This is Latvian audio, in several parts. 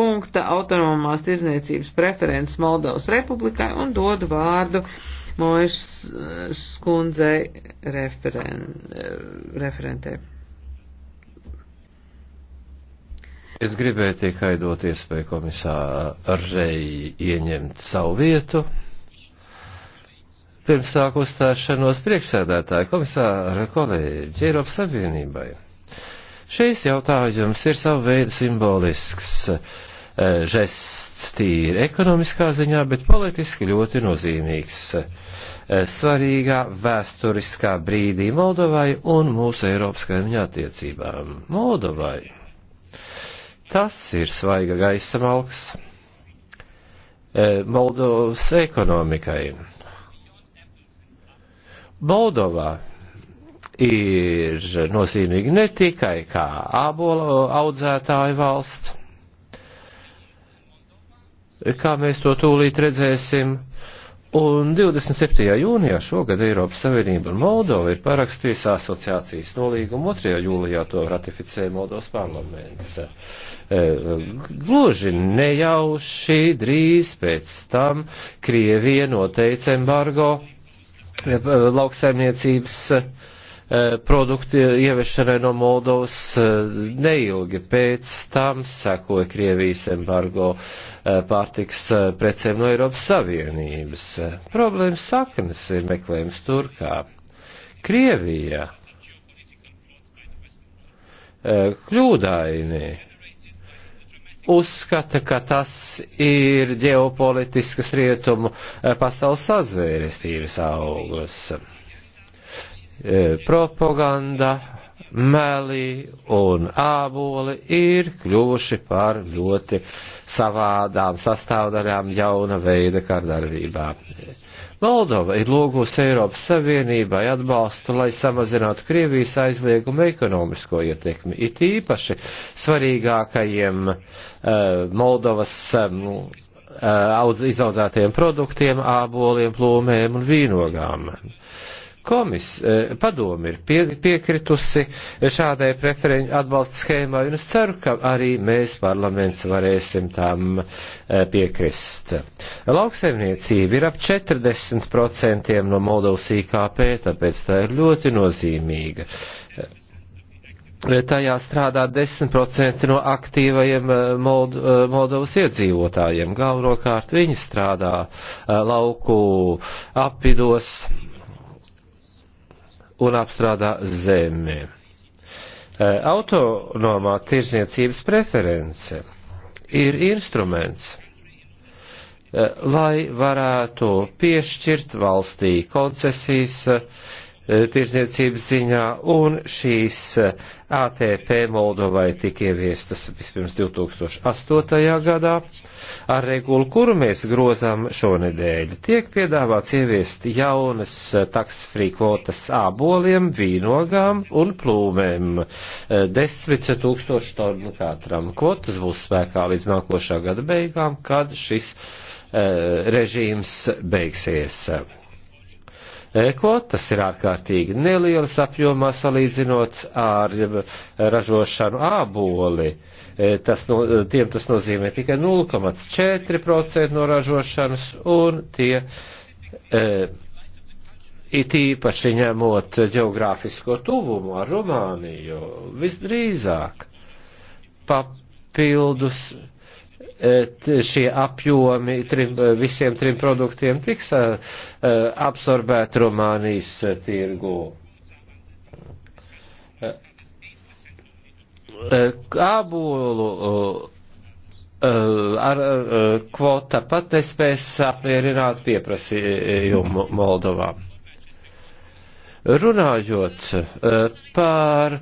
punkta autonomās tirzniecības preferences Moldovas republikai un dodu vārdu Mojas skundzei referen, referentē. Es gribēju tikai dot iespēju komisārei ieņemt savu vietu. Pirms sāk uzstāšanos priekšsēdētāja komisāra kolēģi Eiropas Savienībai. Šīs jautājums ir savu veidu simbolisks Eh, žests tīri ekonomiskā ziņā, bet politiski ļoti nozīmīgs eh, svarīgā vēsturiskā brīdī Moldovai un mūsu Eiropas kaimiņā attiecībām. Moldovai. Tas ir svaiga gaisa malks eh, Moldovas ekonomikai. Moldovā ir nozīmīgi ne tikai kā ābolu audzētāju valsts, kā mēs to tūlīt redzēsim. Un 27. jūnijā šogad Eiropas Savienība un Moldova ir parakstījusi asociācijas nolīgumu, 2. jūlijā to ratificēja Moldovas parlaments. E, gluži nejauši drīz pēc tam Krievija noteica embargo e, lauksaimniecības produktu ieviešanai no Moldovas e, neilgi pēc tam sekoja Krievijas embargo e, pārtiks e, precēm no Eiropas Savienības. Problēmas saknes ir meklējums Turkā. Krievija kļūdaini uzskata, ka tas ir ģeopolitiskas rietumu pasaules sazvērestības augsts. E, propaganda, meli un āboli ir kļuvuši par ļoti savādām sastāvdaļām jauna veida kārdarbībā. Moldova ir lūgusi Eiropas Savienībai atbalstu, lai samazinātu Krievijas aizliegumu ekonomisko ietekmi, it īpaši svarīgākajiem uh, Moldovas um, uh, audz, izaudzētajiem produktiem, āboliem, plūmēm un vīnogām. Komis, eh, padomi ir pie, piekritusi šādai preferenču atbalsta schēmai, un es ceru, ka arī mēs parlaments varēsim tam eh, piekrist. Lauksaimniecība ir ap 40% no Moldovas IKP, tāpēc tā ir ļoti nozīmīga tajā strādā 10% no aktīvajiem eh, Mold, Moldovas iedzīvotājiem. Galvenokārt viņi strādā lauku apvidos un apstrādā zemi. Eh, autonomā tirzniecības preference ir instruments, eh, lai varētu piešķirt valstī koncesijas E, tirzniecības ziņā, un šīs e, ATP Moldovai tika ieviestas vispirms 2008. gadā. Ar regulu, kuru mēs grozām šonedēļ, tiek piedāvāts ieviest jaunas e, taksfrī kvotas āboliem, vīnogām un plūmēm - 10 tūkstoši tonu katram. Kvotas būs spēkā līdz nākošā gada beigām, kad šis režīms beigsies Kvotas ir ārkārtīgi nelielas apjomā salīdzinot ar eh, ražošanu āboli. Eh, tas no, eh, tiem tas nozīmē tikai 0,4% no ražošanas un tie. E, it īpaši ņemot geogrāfisko tuvumu ar Rumāniju, visdrīzāk papildus šie apjomi trim, visiem trim produktiem tiks absorbēti Rumānijas tirgū. Kābulu ar kvota pat nespēs apmierināt pieprasījumu Moldovām. Runājot eh, par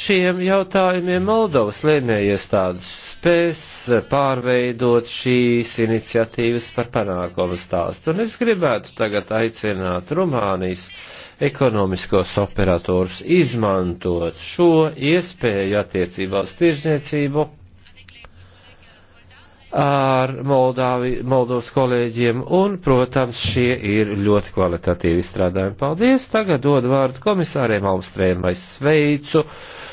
šiem jautājumiem, Moldovas lēmējiestādes spēs eh, pārveidot šīs iniciatīvas par panākumu stāstu. Un es gribētu tagad aicināt Rumānijas ekonomiskos operatorus izmantot šo iespēju attiecībā uz tirzniecību ar Moldāvi, Moldovas kolēģiem, un, protams, šie ir ļoti kvalitatīvi strādājumi. Paldies! Tagad dod vārdu komisāriem Almstrēmai sveicu.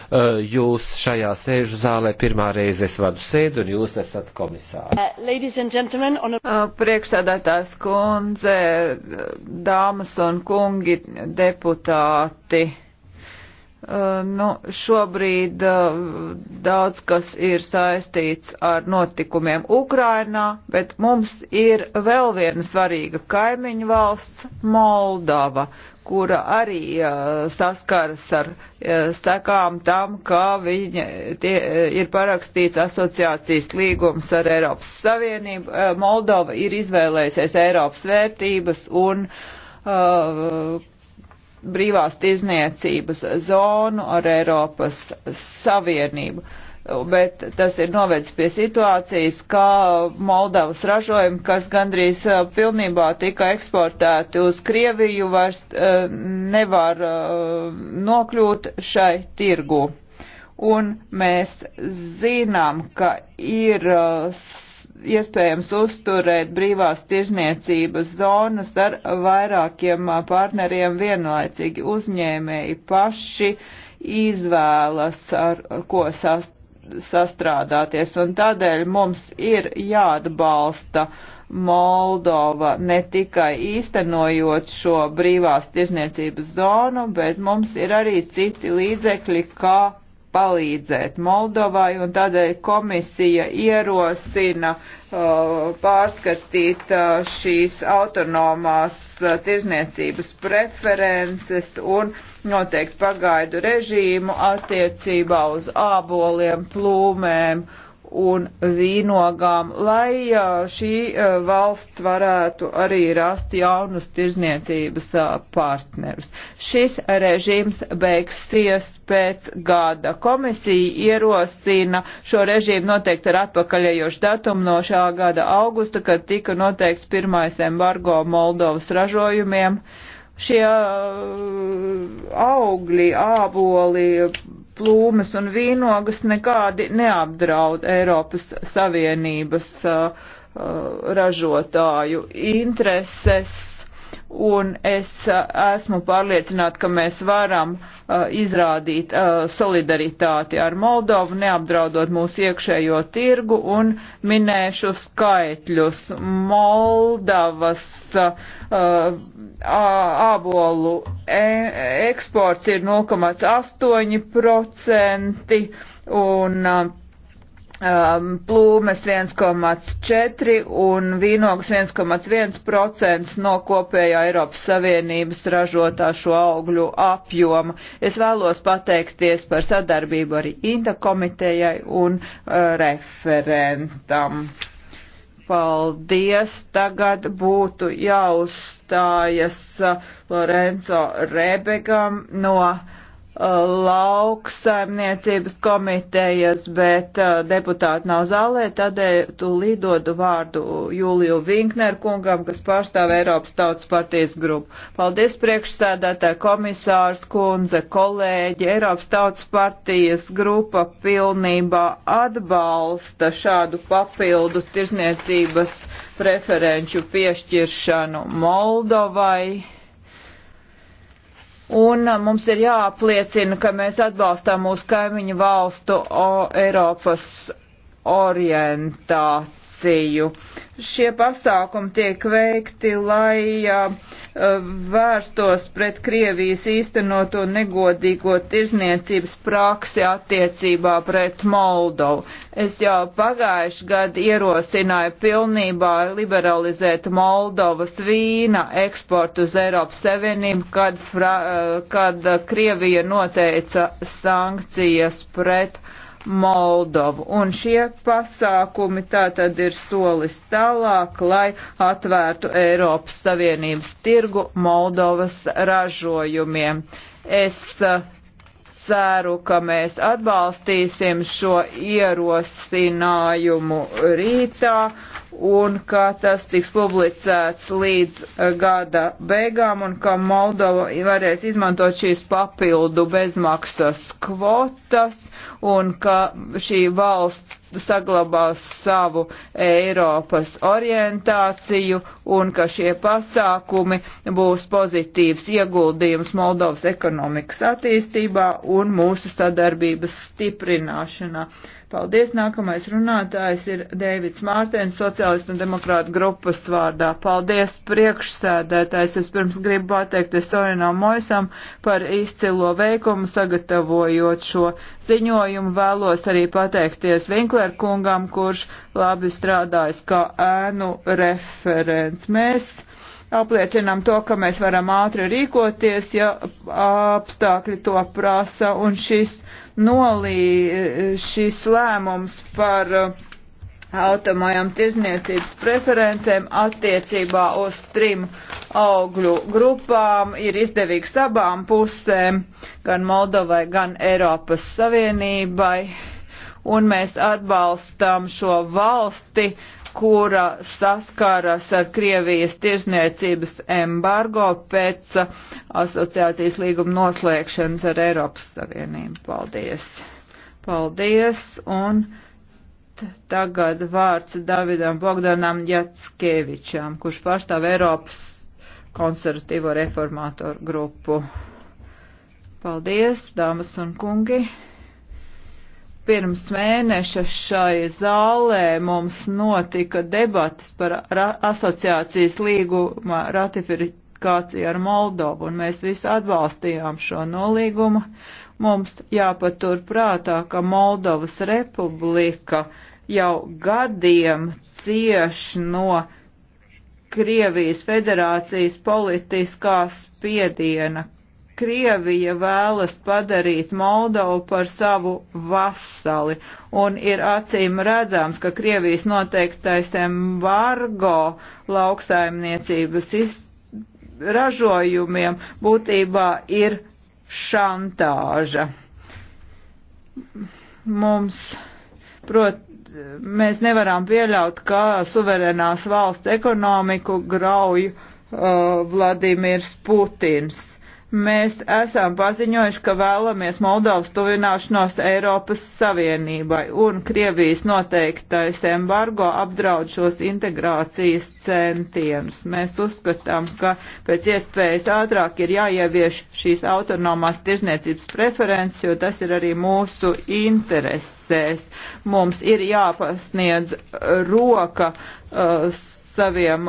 Uh, jūs šajā sēžu zālē pirmā reize es vadu sēdu, un jūs esat komisāri. Uh, a... Uh, priekšsēdētājs kundze, dāmas un kungi, deputāti. Uh, nu, šobrīd uh, daudz kas ir saistīts ar notikumiem Ukrainā, bet mums ir vēl viena svarīga kaimiņu valsts - Moldava, kura arī uh, saskaras ar sekām tam, ka viņa tie, ir parakstīts asociācijas līgums ar Eiropas Savienību. Moldova ir izvēlējusies Eiropas vērtības un brīvās tirzniecības zonu ar Eiropas Savienību. Bet tas ir novedis pie situācijas, kā Moldavas ražojumi, kas gandrīz eh, pilnībā tika eksportēti uz Krieviju, vairs eh, nevar eh, nokļūt šai tirgu. Un mēs zinām, ka ir iespējams uzturēt brīvās tirzniecības zonas ar vairākiem partneriem vienlaicīgi. Uzņēmēji paši izvēlas, ar ko sast, sastrādāties, un tādēļ mums ir jāatbalsta Moldova ne tikai īstenojot šo brīvās tirzniecības zonu, bet mums ir arī citi līdzekļi, kā palīdzēt Moldovai, un tādēļ komisija ierosina uh, pārskatīt uh, šīs autonomās uh, tirzniecības preferences un noteikt pagaidu režīmu attiecībā uz āboliem, plūmēm un vīnogām, lai šī valsts varētu arī rast jaunus tirzniecības partnerus. Šis režīms beigsies pēc gada. Komisija ierosina šo režīmu noteikt ar atpakaļējošu datumu no šā gada augusta, kad tika noteikts pirmais embargo Moldovas ražojumiem. Šie augļi, āboli, plūmes un vīnogas nekādi neapdraud Eiropas Savienības uh, uh ražotāju intereses un es uh, esmu pārliecināta, ka mēs varam uh, izrādīt uh, solidaritāti ar Moldovu, neapdraudot mūsu iekšējo tirgu un minēšu skaitļus. Moldavas uh, uh ābolu e eksports ir 0,8% un uh, Um, plūmes 1,4 un vīnogas 1,1% no kopējā Eiropas Savienības ražotā šo augļu apjoma. Es vēlos pateikties par sadarbību arī Inta komitejai un uh, referentam. Paldies! Tagad būtu jāuzstājas uh, Lorenzo Rebegam no uh, lauksaimniecības komitejas, bet uh, deputāti nav zālē, tādēļ tūlīt dodu vārdu Jūliju Vinkner kungam, kas pārstāv Eiropas Tautas partijas grupu. Paldies priekšsēdētāji komisārs kundze, kolēģi, Eiropas Tautas partijas grupa pilnībā atbalsta šādu papildu tirzniecības preferenču piešķiršanu Moldovai un uh, mums ir jāapliecina, ka mēs atbalstām mūsu kaimiņu valstu o, Eiropas orientāciju korupciju. Šie pasākumi tiek veikti, lai vērstos pret Krievijas īstenoto negodīgo tirzniecības praksi attiecībā pret Moldovu. Es jau pagājuši gadu ierosināju pilnībā liberalizēt Moldovas vīna eksportu uz Eiropas Savienību, kad, fra, kad Krievija noteica sankcijas pret Moldovu. Moldovu. Un šie pasākumi tātad ir solis tālāk, lai atvērtu Eiropas Savienības tirgu Moldovas ražojumiem. Es eh, ceru, ka mēs atbalstīsim šo ierosinājumu rītā un ka tas tiks publicēts līdz eh, gada beigām un ka Moldova varēs izmantot šīs papildu bezmaksas kvotas un ka šī valsts saglabās savu Eiropas orientāciju un ka šie pasākumi būs pozitīvs ieguldījums Moldovas ekonomikas attīstībā un mūsu sadarbības stiprināšanā. Paldies, nākamais runātājs ir Dēvids Mārtēns, sociālistu un demokrātu grupas vārdā. Paldies, priekšsēdētājs. Es pirms gribu pateikties Torinam Moisam par izcilo veikumu sagatavojot šo ziņojumu ziņojumu. Vēlos arī pateikties Vinkler kungam, kurš labi strādājis kā ēnu referents. Mēs apliecinām to, ka mēs varam ātri rīkoties, ja apstākļi to prasa, un šis nolī, šis lēmums par uh, automajām tirzniecības preferencēm attiecībā uz trim augļu grupām ir izdevīgs abām pusēm, gan Moldovai, gan Eiropas Savienībai, un mēs atbalstam šo valsti, kura saskaras ar Krievijas tirzniecības embargo pēc asociācijas līguma noslēgšanas ar Eiropas Savienību. Paldies! Paldies! Un tagad vārds Davidam Bogdanam Jatskevičam, kurš pārstāv Eiropas konservatīvo reformātoru grupu. Paldies, dāmas un kungi! Pirms mēneša šai zālē mums notika debatas par asociācijas līguma ratifikāciju ar Moldovu, un mēs visi atbalstījām šo nolīgumu. Mums jāpatur prātā, ka Moldovas republika uh, jau gadiem cieš no Krievijas federācijas politiskā spiediena. Krievija vēlas padarīt Moldovu par savu vasali, un ir acīm redzams, ka Krievijas noteiktais embargo lauksaimniecības ražojumiem būtībā ir šantāža. Mums, protams, mēs nevaram pieļaut, ka suverenās valsts ekonomiku grauj uh, Vladimirs Putins. Mēs esam paziņojuši, ka vēlamies Moldovas tuvināšanos Eiropas Savienībai, un Krievijas noteiktais embargo apdraud šos integrācijas centienus. Mēs uzskatām, ka pēc iespējas ātrāk ir jāievieš šīs autonomās tirzniecības preferences, jo tas ir arī mūsu interesēs. Mums ir jāpasniedz roka. Uh, saviem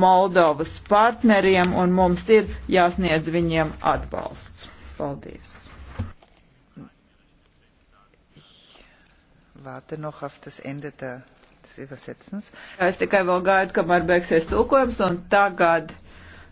Moldovas partneriem, un mums ir jāsniedz viņiem atbalsts. Paldies! Warte noch auf das Ende der, des Übersetzens. Es tikai vēl gaidu, kamēr beigsies tulkojums, un tagad.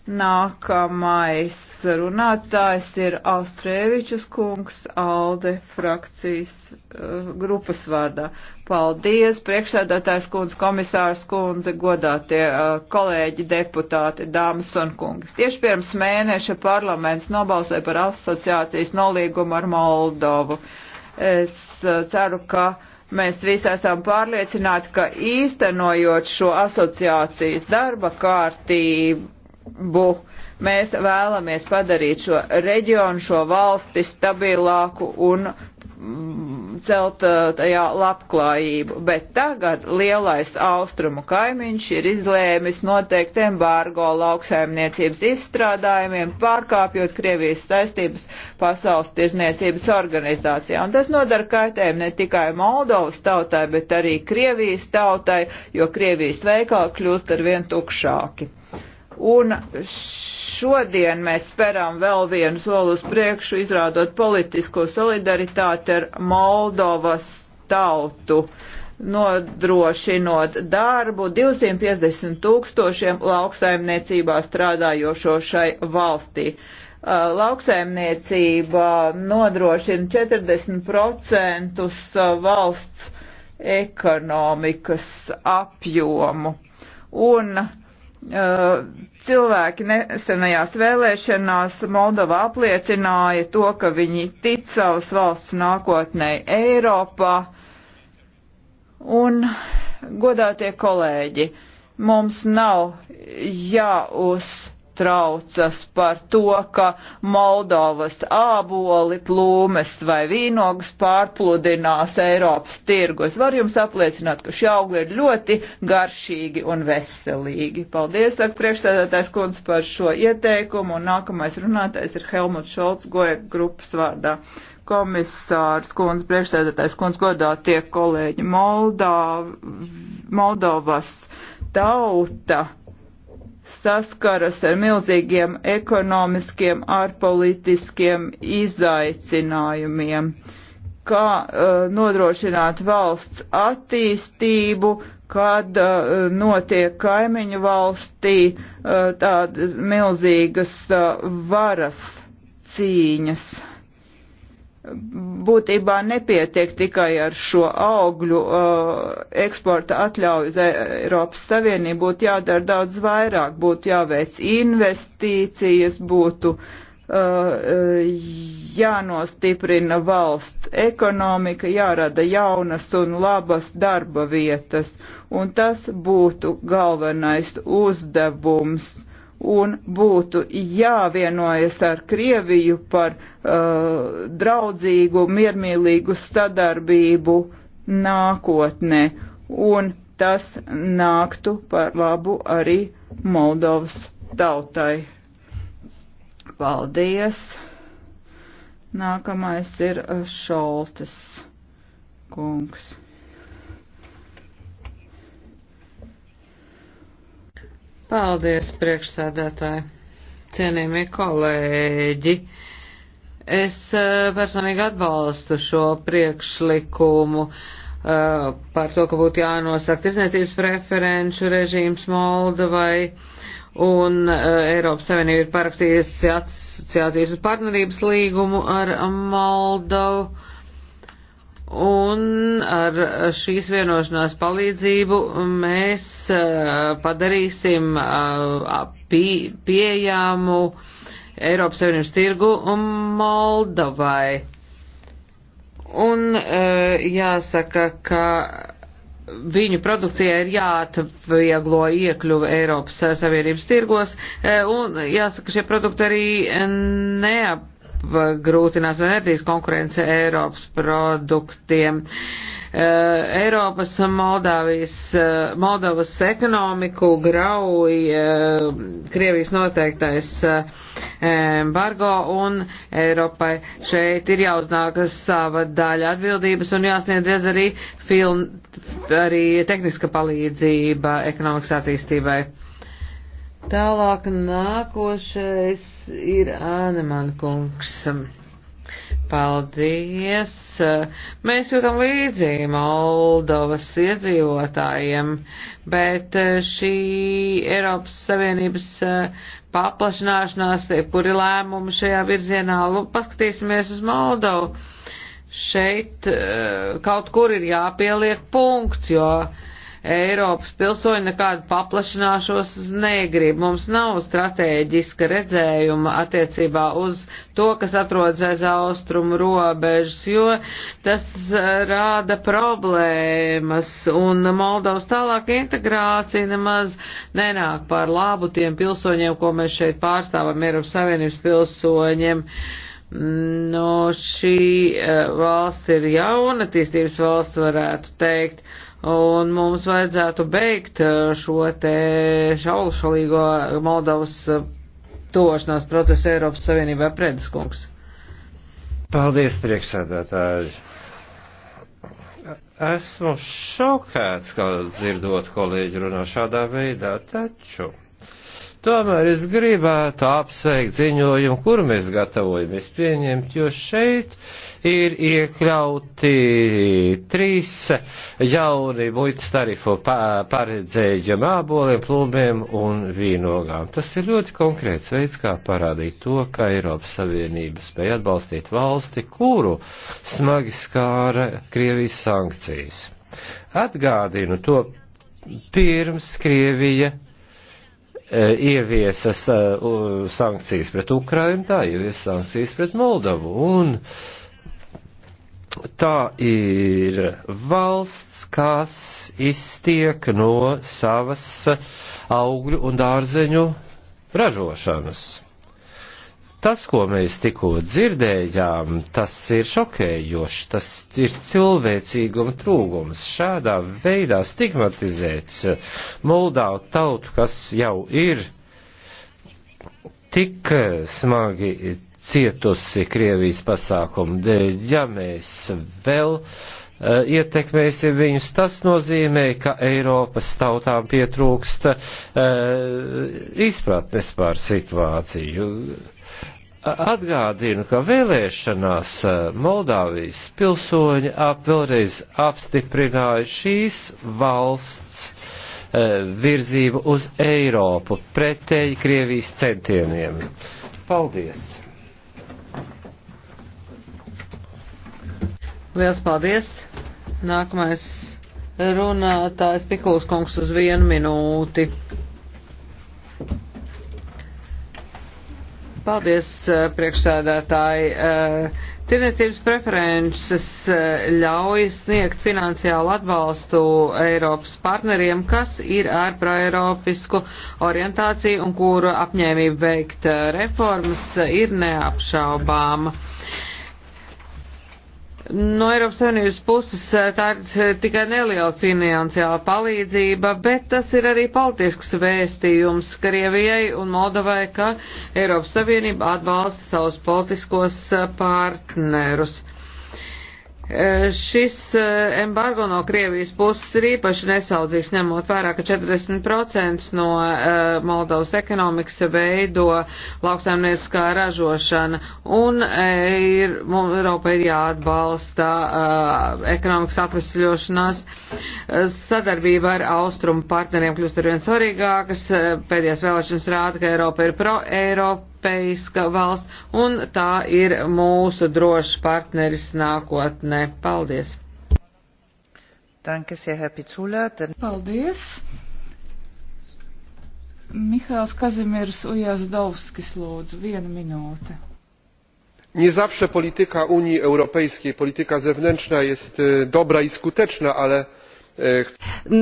Nākamais runātājs ir Austrēvičus kungs Alde frakcijas uh, grupas vārdā. Paldies, priekšsēdētājs kundze, komisārs kundze, godātie uh, kolēģi, deputāti, dāmas un kungi. Tieši pirms mēneša parlaments nobalsoja par asociācijas nolīgumu ar Moldovu. Es uh, ceru, ka mēs visi esam pārliecināti, ka īstenojot šo asociācijas darba kārtību, gribu. Mēs vēlamies padarīt šo reģionu, šo valsti stabilāku un mm, celt tajā labklājību, bet tagad lielais austrumu kaimiņš ir izlēmis noteikt embargo lauksaimniecības izstrādājumiem, pārkāpjot Krievijas saistības pasaules tirzniecības organizācijā. Un tas nodara kaitējumu ne tikai Moldovas tautai, bet arī Krievijas tautai, jo Krievijas veikali kļūst ar vien tukšāki. Un šodien mēs speram vēl vienu soli uz priekšu, izrādot politisko solidaritāti ar Moldovas tautu, nodrošinot darbu 250 tūkstošiem lauksaimniecībā strādājošo šai valstī uh, lauksaimniecība nodrošina 40% uh, valsts ekonomikas apjomu. Un uh, Uh, cilvēki nesenajās vēlēšanās Moldova apliecināja to, ka viņi tic savas valsts nākotnē Eiropā. Un, godātie kolēģi, mums nav jāuz. Ja uztraucas par to, ka Moldovas āboli, plūmes vai vīnogas pārpludinās Eiropas tirgu. Es varu jums apliecināt, ka šie augļi ir ļoti garšīgi un veselīgi. Paldies, saka priekšsēdētājs kundze par šo ieteikumu, un nākamais runātais ir Helmuts Šolts Goja grupas vārdā komisārs kundze, priekšsēdētājs kundze godā tie kolēģi Moldāv, Moldovas tauta saskaras ar milzīgiem ekonomiskiem, ārpolitiskiem izaicinājumiem, kā uh, nodrošināt valsts attīstību, kad uh, notiek kaimiņu valstī uh, tādas milzīgas uh, varas cīņas būtībā nepietiek tikai ar šo augļu uh, eksporta atļauju uz Eiropas Savienību, būtu jādara daudz vairāk, būtu jāveic investīcijas, būtu uh, uh, jānostiprina valsts ekonomika, jārada jaunas un labas darba vietas, un tas būtu galvenais uzdevums un būtu jāvienojas ar Krieviju par uh, draudzīgu, miermīlīgu sadarbību nākotnē, un tas nāktu par labu arī Moldovas tautai. Paldies! Nākamais ir uh, Šoltes kungs. Paldies, priekšsēdētāji, cienījamie kolēģi. Es eh, personīgi atbalstu šo priekšlikumu uh, par to, ka būtu jānosaka tirzniecības preferenču režīms Moldovai un uh, Eiropas Savienība ir parakstījusi asociācijas partnerības līgumu ar Moldovu Un ar šīs vienošanās palīdzību mēs eh, padarīsim eh, pieejamu Eiropas Savienības tirgu Moldovai. Un eh, jāsaka, ka viņu produkcijai ir jāatvieglo iekļuva Eiropas Savienības tirgos, un jāsaka, šie produkti arī neap apgrūtinās vai neradīs konkurence Eiropas produktiem. Eh, Eiropas Moldāvijas, eh, Moldovas ekonomiku grauj eh, Krievijas noteiktais embargo un Eiropai šeit ir jāuznāk sava daļa atbildības un jāsniedz arī, film, arī tehniska palīdzība ekonomikas attīstībai. Tālāk nākošais ir Āneman kungs. Paldies! Mēs jūtam līdzi Moldovas iedzīvotājiem, bet šī Eiropas Savienības e, paplašināšanās, e, kuri lēmumi šajā virzienā, paskatīsimies uz Moldovu. Šeit e, kaut kur ir jāpieliek punkts, jo uh, Eiropas pilsoņi nekādu paplašināšos negrib. Mums nav strateģiska redzējuma attiecībā uz to, kas atrodas aiz austrumu robežas, jo tas rāda problēmas un Moldovas tālāk integrācija nemaz nenāk par labu tiem pilsoņiem, ko mēs šeit pārstāvam, Eiropas Savienības pilsoņiem. No šī eh, valsts ir jauna attīstības valsts, varētu teikt. Uh, Un mums vajadzētu beigt uh, šo te šaulšalīgo Moldovas uh, tošanās procesu Eiropas Savienībā prediskungs. Paldies, priekšsēdētāji! Esmu šokēts, ka dzirdot kolēģi runā šādā veidā, taču Tomēr es gribētu apsveikt ziņojumu, kur mēs gatavojamies pieņemt, jo šeit ir iekļauti trīs jauni muitas tarifu paredzējumi āboliem, plūmiem un vīnogām. Tas ir ļoti konkrēts veids, kā parādīt to, ka Eiropas Savienība spēja atbalstīt valsti, kuru smagi skāra Krievijas sankcijas. Atgādinu to pirms Krievija E, ieviesa e, sankcijas pret Ukrainu, tā ieviesa sankcijas pret Moldavu. Un tā ir valsts, kas iztiek no savas augļu un dārzeņu ražošanas. Tas, ko mēs tikko dzirdējām, tas ir šokējoši, tas ir cilvēcīguma trūkums. Šādā veidā stigmatizēt Moldāvu tautu, kas jau ir tik smagi cietusi Krievijas pasākumu dēļ, ja mēs vēl eh, ietekmēsim viņus, tas nozīmē, ka Eiropas tautām pietrūkst eh, izpratnes pār situāciju Atgādinu, ka vēlēšanās Moldāvijas pilsoņi ap vēlreiz apstiprināja šīs valsts virzību uz Eiropu pretēji Krievijas centieniem. Paldies! Liels paldies! Nākamais runātājs Pikuls kungs uz vienu minūti. Paldies, priekšsēdētāji. Tirniecības preferences ļauj sniegt finansiālu atbalstu Eiropas partneriem, kas ir ar proeiropisku orientāciju un kuru apņēmību veikt reformas ir neapšaubāma. No Eiropas Savienības puses eh, tā ir eh, tikai neliela finansiāla palīdzība, bet tas ir arī politisks vēstījums Krievijai un Moldovai, ka Eiropas Savienība atbalsta savus politiskos eh, partnerus. E, šis e, embargo no Krievijas puses ir īpaši nesaudzīgs, ņemot vērā, ka 40% no e, Moldovas ekonomikas veido lauksaimnieciskā ražošana, un ir, Eiropa ir jāatbalsta ekonomikas atvesļošanās sadarbība ar austrumu partneriem kļūst arvien svarīgākas. Pēdējās vēlēšanas rāda, ka Eiropa ir pro-Eiropa Eiropeiska valsts, un tā ir mūsu drošs partneris nākotnē. Paldies! Paldies! Mihails Kazimierz Ujazdowskis lūdzu, viena minūte. Nie zawsze polityka Unii Europejskiej, polityka zewnętrzna jest e, dobra i skuteczna, ale Eh,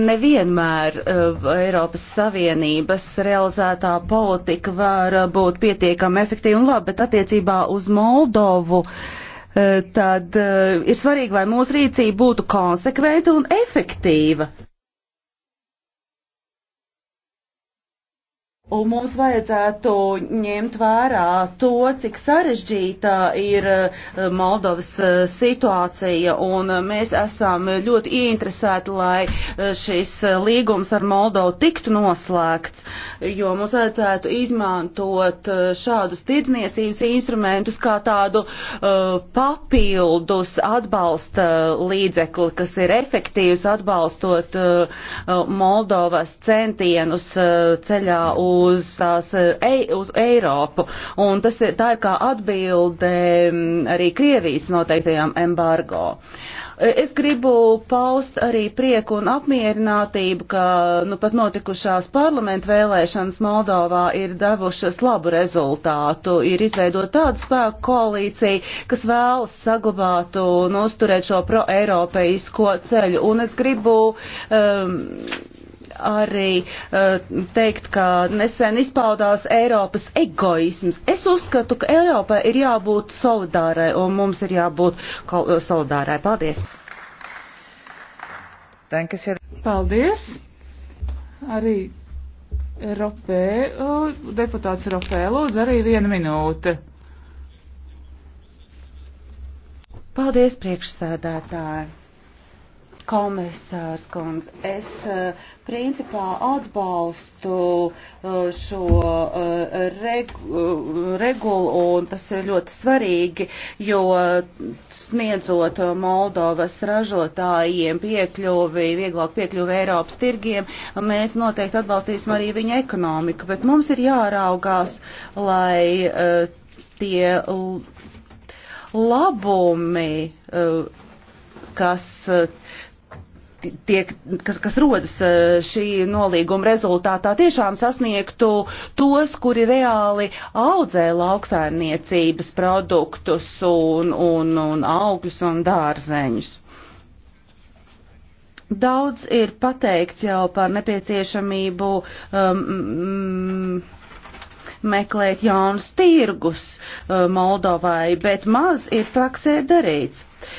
Nevienmēr eh, Eiropas Savienības realizētā politika var eh, būt pietiekami efektīva un laba, bet attiecībā uz Moldovu tad ir svarīgi, lai mūsu rīcība būtu konsekventa un efektīva. Un mums vajadzētu ņemt vērā to, cik sarežģīta ir eh, Moldovas eh, situācija, un eh, mēs esam ļoti ieinteresēti, lai šis līgums ar Moldovu tiktu noslēgts, jo mums vajadzētu izmantot šādus tirdzniecības instrumentus kā tādu uh, papildus atbalsta līdzekli, kas ir efektīvs atbalstot uh, Moldovas centienus uh, ceļā uz uz, tās, ei, uz Eiropu. Un tas ir, tā ir kā atbilde arī Krievijas noteiktajām embargo. E, es gribu paust arī prieku un apmierinātību, ka nu, pat notikušās parlamentu vēlēšanas Moldovā ir devušas labu rezultātu. Ir izveidot tādu spēku koalīciju, kas vēlas saglabāt un uzturēt šo pro-eiropeisko ceļu. Un es gribu um, arī uh, teikt, ka nesen izpaudās Eiropas egoisms. Es uzskatu, ka Eiropai ir jābūt solidārai un mums ir jābūt solidārai. Paldies! Paldies! Arī Ropē, deputāts Ropē, lūdzu, arī viena minūte. Paldies, priekšsēdētāji! komisārs kundze, es eh, principā atbalstu eh, šo eh, regu, regulu, un tas ir ļoti svarīgi, jo sniedzot Moldovas ražotājiem piekļuvi, vieglāk piekļuvi Eiropas tirgiem, mēs noteikti atbalstīsim arī viņa ekonomiku, bet mums ir jāraugās, lai tie labumi, kas tiek, kas, kas rodas eh, šī nolīguma rezultātā, tiešām sasniegtu tos, kuri reāli audzē lauksaimniecības produktus un, un, un augļus un dārzeņus. Daudz ir pateikts jau par nepieciešamību um, mm, meklēt jaunus tirgus uh, Moldovai, bet maz ir praksē darīts. Uh,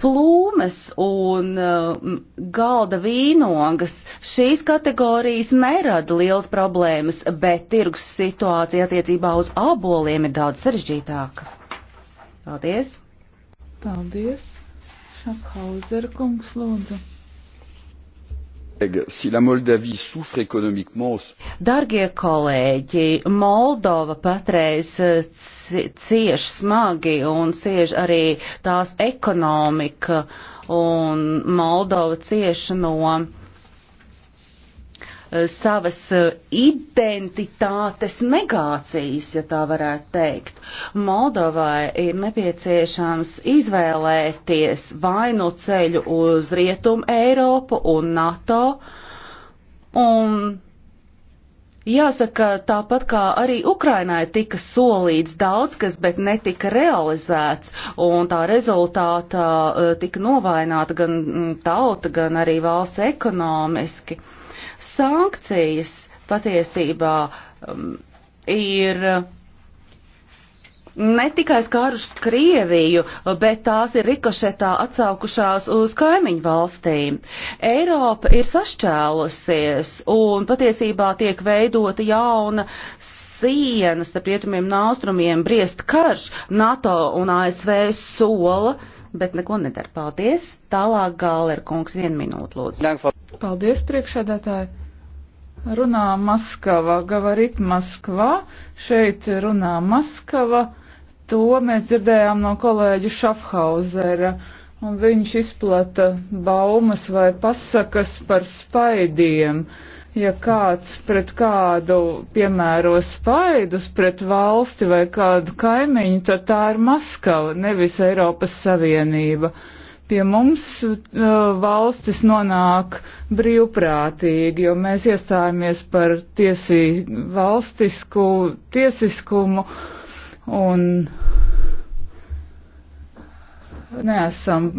plūmes un uh, galda vīnogas. Šīs kategorijas nerada liels problēmas, bet tirgus situācija attiecībā uz āboliem ir daudz sarežģītāka. Paldies! Paldies! Šaphauser kungs lūdzu. Dargie kolēģi, Moldova patreiz eh, cieš smagi un cieš arī tās ekonomika, un Moldova cieš no Eh, savas eh, identitātes negācijas, ja tā varētu teikt. Moldovai ir nepieciešams izvēlēties vainu ceļu uz Rietumu Eiropu un NATO. Un Jāsaka, tāpat kā arī Ukrainai tika solīts daudz kas, bet netika realizēts, un tā rezultātā eh, tika novaināta gan mm, tauta, gan arī valsts ekonomiski. Uh, Sankcijas patiesībā um, ir um, ne tikai skārušas Krieviju, bet tās ir rikošetā atsaukušās uz kaimiņu valstīm. Eiropa ir sašķēlusies un patiesībā tiek veidota jauna siena starp rietumiem un austrumiem, briest karš, NATO un ASV sola bet neko nedara. Paldies! Tālāk Gāler kungs vienu minūtu lūdzu. Paldies, priekšādātāji! Runā Maskava, Gavarit Maskva, šeit runā Maskava, to mēs dzirdējām no kolēģa Šafhauzera, un viņš izplata baumas vai pasakas par spaidiem. Uh, ja kāds pret kādu piemēro spaidus pret valsti vai kādu kaimiņu, tad tā ir Maskava, nevis Eiropas Savienība. Pie mums uh, valstis nonāk brīvprātīgi, jo mēs iestājāmies par tiesī, valstisku tiesiskumu un neesam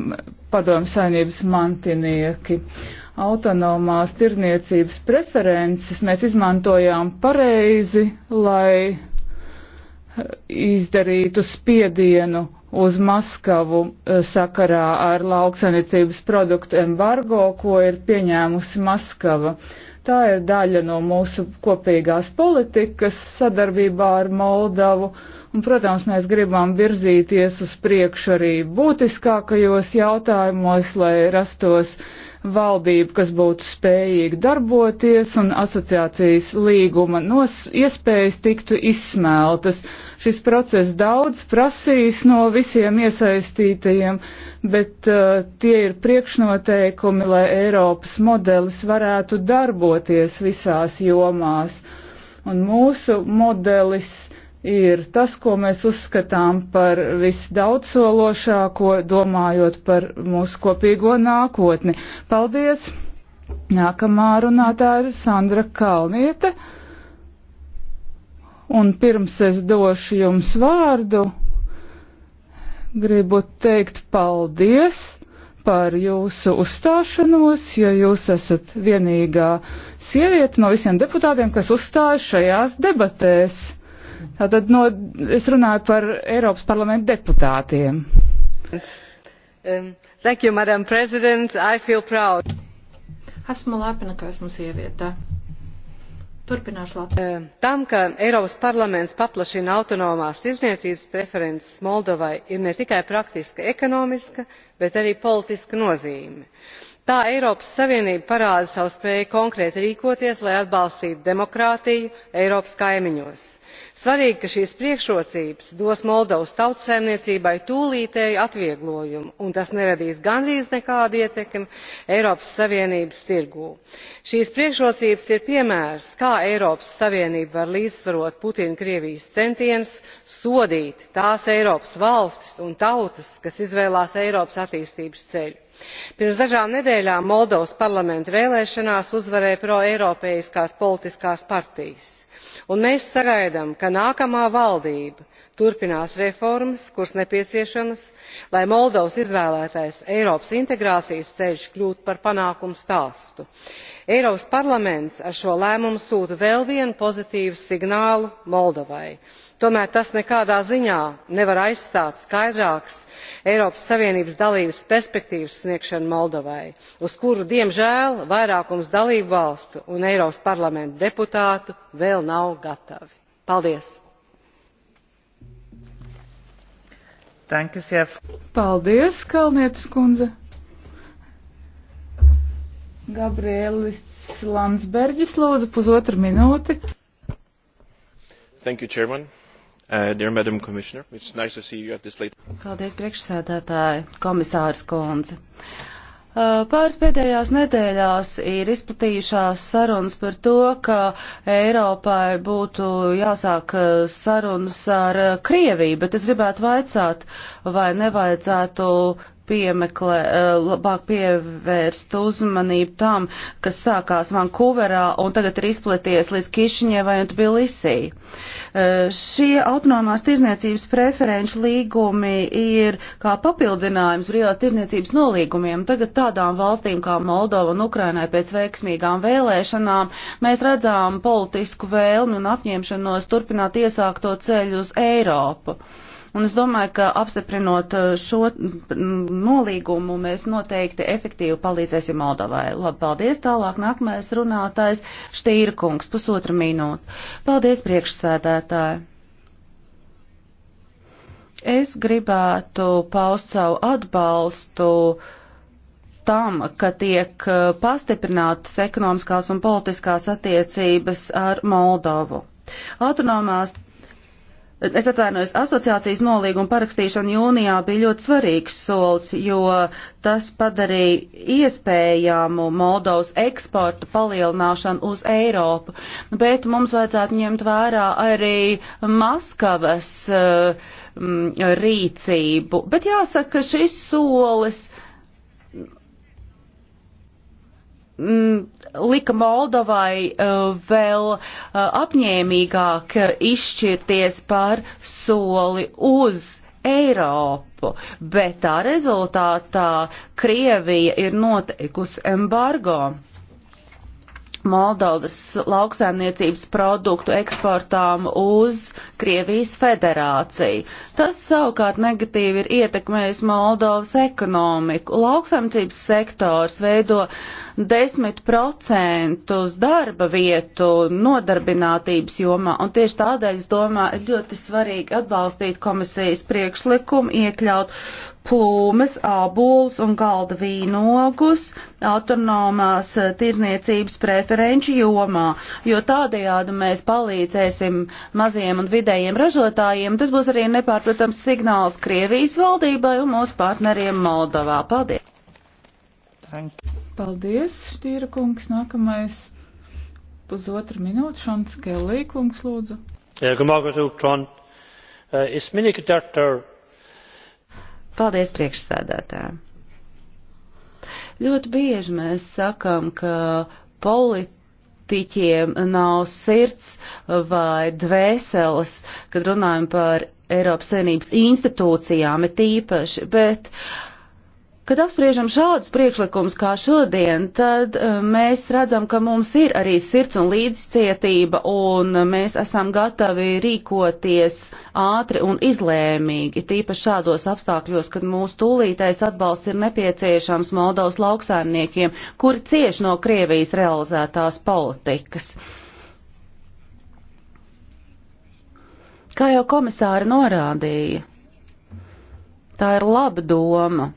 padomu saimnības mantinieki. Uh, autonomās tirniecības preferences mēs izmantojām pareizi, lai eh, izdarītu spiedienu uz Maskavu eh, sakarā ar lauksanicības produktu embargo, ko ir pieņēmusi Maskava. Tā ir daļa no mūsu kopīgās politikas sadarbībā ar Moldavu, un, protams, mēs gribam virzīties uz priekšu arī būtiskākajos jautājumos, lai rastos valdību, kas būtu spējīga darboties un asociācijas līguma nos, iespējas tiktu izsmeltas. Šis process daudz prasīs no visiem iesaistītajiem, bet uh, tie ir priekšnoteikumi, lai Eiropas modelis varētu darboties visās jomās. Un mūsu modelis ir tas, ko mēs uzskatām par visdaudzsološāko, domājot par mūsu kopīgo nākotni. Paldies! Nākamā runātāja ir Sandra Kalniete. Un pirms es došu jums vārdu, gribu teikt paldies par jūsu uzstāšanos, jo jūs esat vienīgā sieviete no visiem deputātiem, kas uzstājas šajās debatēs. Tātad no, es runāju par Eiropas parlamenta deputātiem. Um, thank you, Madam President. I feel proud. Esmu lepna, ka esmu sieviete. Turpināšu Latviju. Um, tam, ka Eiropas parlaments paplašina autonomās tirzniecības preferences Moldovai, ir ne tikai praktiska ekonomiska, bet arī politiska nozīme tā eiropas savienība parāda savu spēju konkrēti rīkoties lai atbalstītu demokrātiju eiropas kaimiņos svarīgi ka šīs priekšrocības dos moldovas tautssaimniecībai tūlītēju atvieglojumu un tas neradīs gandrīz nekādu ietekmi eiropas savienības tirgū. šīs priekšrocības ir piemērs kā eiropas savienība var līdzsvarot putina krievijas centienus sodīt tās eiropas valstis un tautas kas izvēlās eiropas attīstības ceļu pirms dažām nedēļām moldovas parlamenta vēlēšanās uzvarēja proeiropeiskās politiskās partijas un mēs sagaidām ka nākamā valdība turpinās reformas kuras nepieciešamas lai moldovas izvēlētais eiropas integrācijas ceļš kļūtu par panākumu stāstu. eiropas parlaments ar šo lēmumu sūta vēl vienu pozitīvu signālu moldovai tomēr tas nekādā ziņā nevar aizstāt skaidrākas eiropas savienības dalības perspektīvas sniegšanu moldovai uz kuru diemžēl vairākums dalībvalstu un eiropas parlamenta deputātu vēl nav gatavi. paldies! Paldies, Kalnietis kundze! Gabrielis Landsbergis lūdzu pusotru minūti. Thank you, Chairman. Uh, dear Madam Commissioner, it's nice to see you at this late. Paldies, priekšsēdētāji, komisārs Konze. Uh, pāris pēdējās nedēļās ir izplatījušās sarunas par to, ka Eiropai būtu jāsāk uh, sarunas ar uh, Krieviju, bet es gribētu vaicāt, vai nevajadzētu piemeklē, eh, labāk pievērst uzmanību tam, kas sākās Vankūverā un tagad ir izplaties līdz Kišņevai un Tbilisī. Eh, šie autonomās tirzniecības preferenču līgumi ir kā papildinājums brīvās tirzniecības nolīgumiem. Tagad tādām valstīm kā Moldova un Ukrainai pēc veiksmīgām vēlēšanām mēs redzām politisku vēlmi un apņemšanos turpināt iesākto ceļu uz Eiropu. Un es domāju, ka apstiprinot uh, šo mm, nolīgumu, mēs noteikti efektīvi palīdzēsim Moldovai. Labi, paldies. Tālāk nākamais runātājs Štīrkungs, pusotra minūte. Paldies, priekšsēdētāji. Es gribētu paust savu atbalstu tam, ka tiek uh, pastiprinātas ekonomiskās un politiskās attiecības ar Moldovu. Autonomās Es atvainojos, asociācijas nolīguma parakstīšana jūnijā bija ļoti svarīgs solis, jo tas padarīja iespējamu Moldovas eksporta palielināšanu uz Eiropu, bet mums vajadzētu ņemt vērā arī Maskavas uh, rīcību. Bet jāsaka, ka šis solis uh, Mm, lika Moldovai uh, vēl uh, apņēmīgāk izšķirties par soli uz Eiropu, bet tā rezultātā Krievija ir noteikusi embargo. Moldovas lauksaimniecības produktu eksportām uz Krievijas federāciju. Tas savukārt negatīvi ir ietekmējis Moldovas ekonomiku. Lauksaimniecības sektors veido 10% darba vietu nodarbinātības jomā, un tieši tādēļ, es domāju, ir ļoti svarīgi atbalstīt komisijas priekšlikumu, iekļaut plūmes, ābolus un galda vīnogus autonomās eh, tirzniecības preferenču jomā, jo tādējādi mēs palīdzēsim maziem un vidējiem ražotājiem. Tas būs arī nepārprotams signāls Krievijas valdībai un mūsu partneriem Moldovā. Paldies! Paldies, Štīra kungs. Nākamais pusotru minūtu Šons Kellī kungs lūdzu. Ja, Paldies priekšsēdētājiem. Ļoti bieži mēs sakam, ka politika politiķiem nav sirds vai dvēseles, kad runājam par Eiropas Savienības institūcijām, ir tīpaši, bet uh, Kad apspriežam šādus priekšlikumus kā šodien, tad eh, mēs redzam, ka mums ir arī sirds un līdzcietība, un mēs esam gatavi rīkoties ātri un izlēmīgi, tīpaši šādos apstākļos, kad mūsu tūlītais atbalsts ir nepieciešams Moldovas lauksaimniekiem, kuri cieši no Krievijas realizētās politikas. Kā jau komisāri norādīja, tā ir laba doma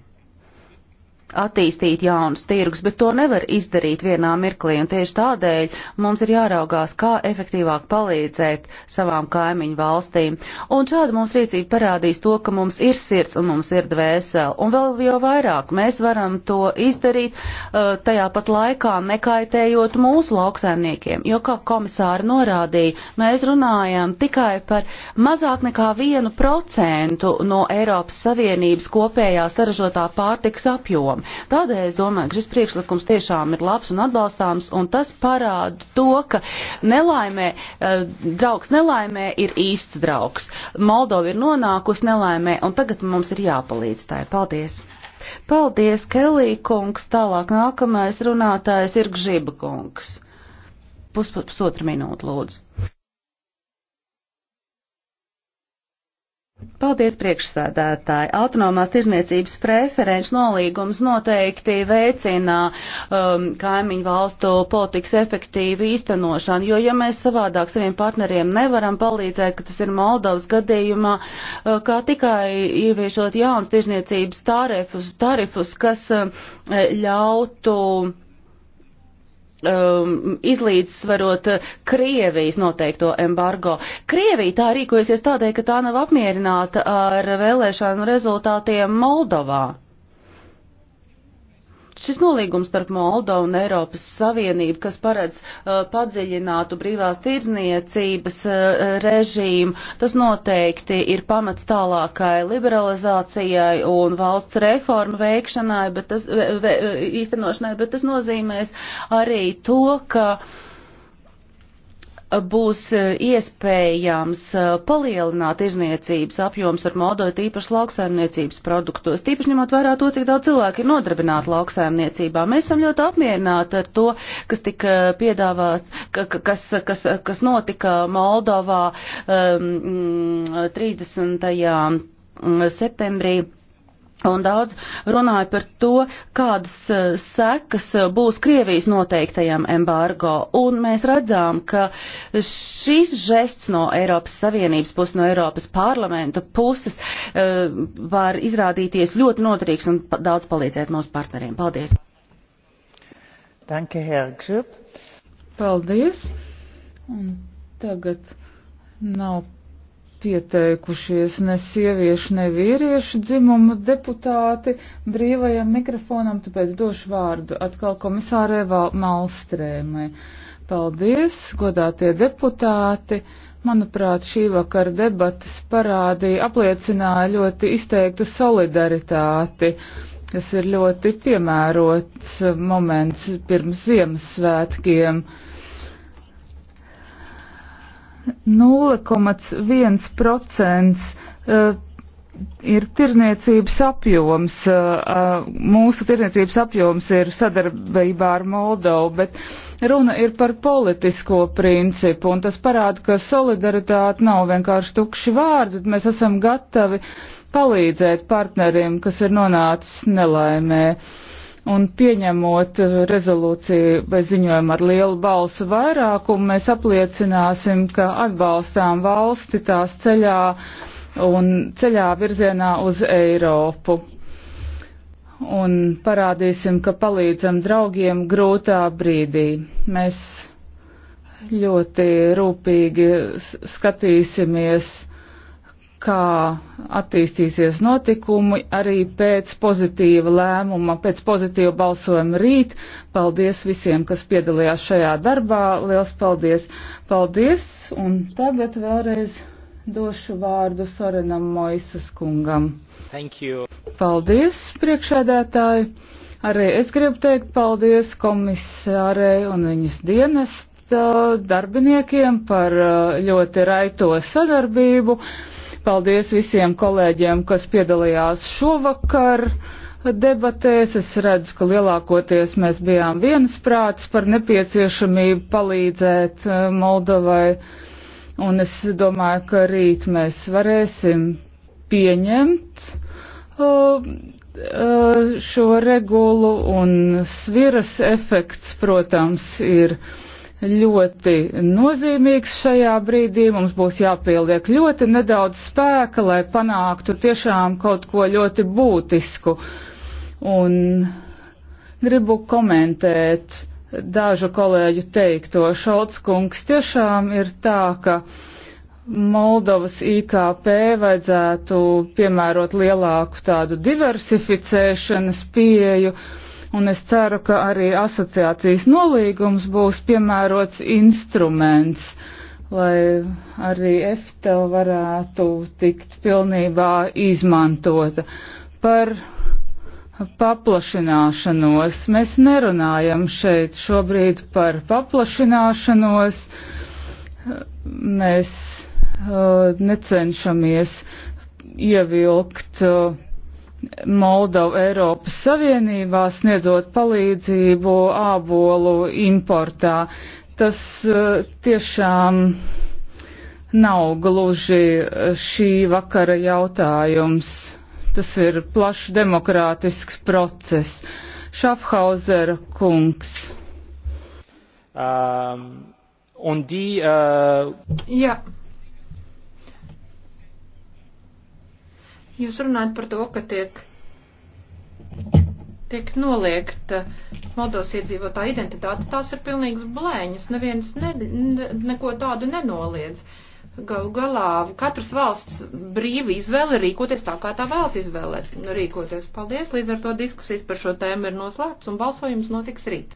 attīstīt jaunus tirgus, bet to nevar izdarīt vienā mirklī, un tieši tādēļ mums ir jāraugās, kā efektīvāk palīdzēt savām kaimiņu valstīm. Un šāda mums rīcība parādīs to, ka mums ir sirds un mums ir dvēsele, un vēl jau vairāk mēs varam to izdarīt uh, tajā pat laikā, nekaitējot mūsu lauksaimniekiem, jo, kā komisāri norādīja, mēs runājam tikai par mazāk nekā vienu procentu no Eiropas Savienības kopējā saražotā pārtiks apjoma problēma. Tādēļ es domāju, ka šis priekšlikums tiešām ir labs un atbalstāms, un tas parāda to, ka nelaimē, eh, draugs nelaimē ir īsts draugs. Moldova ir nonākusi nelaimē, un tagad mums ir jāpalīdz tai. Paldies! Paldies, Kelī kungs! Tālāk nākamais runātājs ir Gžiba kungs. Pusotra minūte, lūdzu. Paldies, priekšsēdētāji. Autonomās tirzniecības preferenču nolīgums noteikti veicina um, kaimiņu valstu politikas efektīvu īstenošanu, jo ja mēs savādāk saviem partneriem nevaram palīdzēt, ka tas ir Moldovas gadījumā, uh, kā tikai ieviešot jaunas tirzniecības tarifus, tarifus, kas uh, ļautu um, izlīdzsvarot uh, Krievijas noteikto embargo. Krievija tā rīkojasies tādēļ, ka tā nav apmierināta ar vēlēšanu rezultātiem Moldovā. Šis nolīgums starp Moldovu un Eiropas Savienību, kas paredz uh, padziļinātu brīvās tirdzniecības uh, režīmu, tas noteikti ir pamats tālākai liberalizācijai un valsts reformu veikšanai, bet tas, ve, ve, īstenošanai, bet tas nozīmēs arī to, ka uh, būs e, iespējams e, palielināt izniecības apjoms ar modo tīpaši lauksaimniecības produktos, tīpaši ņemot vērā to, cik daudz cilvēku ir nodarbināti lauksaimniecībā. Mēs esam ļoti apmierināti ar to, kas tika piedāvāts, kas, kas, kas notika Moldovā um, ehm, 30. septembrī Un daudz runāja par to, kādas eh, sekas eh, būs Krievijas noteiktajam embargo. Un mēs redzām, ka šis žests no Eiropas Savienības puses, no Eiropas parlamenta puses eh, var izrādīties ļoti noturīgs un daudz palīdzēt mūsu partneriem. Paldies! Danke, Herr Gžip. Paldies! Un tagad nav pieteikušies ne sieviešu, ne vīriešu dzimumu deputāti brīvajam mikrofonam, tāpēc došu vārdu atkal komisārē Malstrēmai. Paldies, godātie deputāti! Manuprāt, šī vakara debatas parādīja, apliecināja ļoti izteiktu solidaritāti, kas ir ļoti piemērots moments pirms Ziemassvētkiem. 0,1% eh, ir tirniecības apjoms. Eh, eh, mūsu tirniecības apjoms ir sadarbībā ar Moldovu, bet runa ir par politisko principu, un tas parāda, ka solidaritāte nav vienkārši tukši vārdi, bet mēs esam gatavi palīdzēt partneriem, kas ir nonācis nelaimē. Uh, un pieņemot eh, rezolūciju vai ziņojumu ar lielu balsu vairākumu, mēs apliecināsim, ka atbalstām valsti tās ceļā un ceļā virzienā uz Eiropu. Un parādīsim, ka palīdzam draugiem grūtā brīdī. Mēs ļoti rūpīgi skatīsimies kā attīstīsies notikumi arī pēc pozitīva lēmuma, pēc pozitīva balsojuma rīt. Paldies visiem, kas piedalījās šajā darbā. Liels paldies! Paldies! Un tagad vēlreiz došu vārdu Sorenam Moisas kungam. Thank you! Paldies, priekšēdētāji! Arī es gribu teikt paldies komisārei un viņas dienesta darbiniekiem par uh, ļoti raito sadarbību. Paldies visiem kolēģiem, kas piedalījās šovakar debatēs. Es redzu, ka lielākoties mēs bijām viensprāts par nepieciešamību palīdzēt eh, Moldovai. Un es domāju, ka rīt mēs varēsim pieņemt uh, šo regulu un sviras efekts, protams, ir ļoti nozīmīgs šajā brīdī. Mums būs jāpieliek ļoti nedaudz spēka, lai panāktu tiešām kaut ko ļoti būtisku. Un gribu komentēt dažu kolēģu teikto. Šaltskungs tiešām ir tā, ka Moldovas IKP vajadzētu piemērot lielāku tādu diversificēšanas pieju un es ceru, ka arī asociācijas nolīgums būs piemērots instruments, lai arī EFTA varētu tikt pilnībā izmantota. Par paplašināšanos mēs nerunājam šeit šobrīd par paplašināšanos. Mēs uh, necenšamies ievilkt uh, Moldova Eiropas Savienībā sniedzot palīdzību ābolu importā. Tas eh, tiešām nav gluži eh, šī vakara jautājums. Tas ir plašs demokrātisks process. Šafhauzera kungs. Um, un die, uh... Jā, Jūs runājat par to, ka tiek, tiek noliegta Moldovas iedzīvotāja identitāte. Tās ir pilnīgs blēņas. Neviens ne, ne, neko tādu nenoliedz. Galu galā katras valsts brīvi izvēle rīkoties tā, kā tā vēlas izvēlēt rīkoties. Paldies, līdz ar to diskusijas par šo tēmu ir noslēgts un balsojums notiks rīt.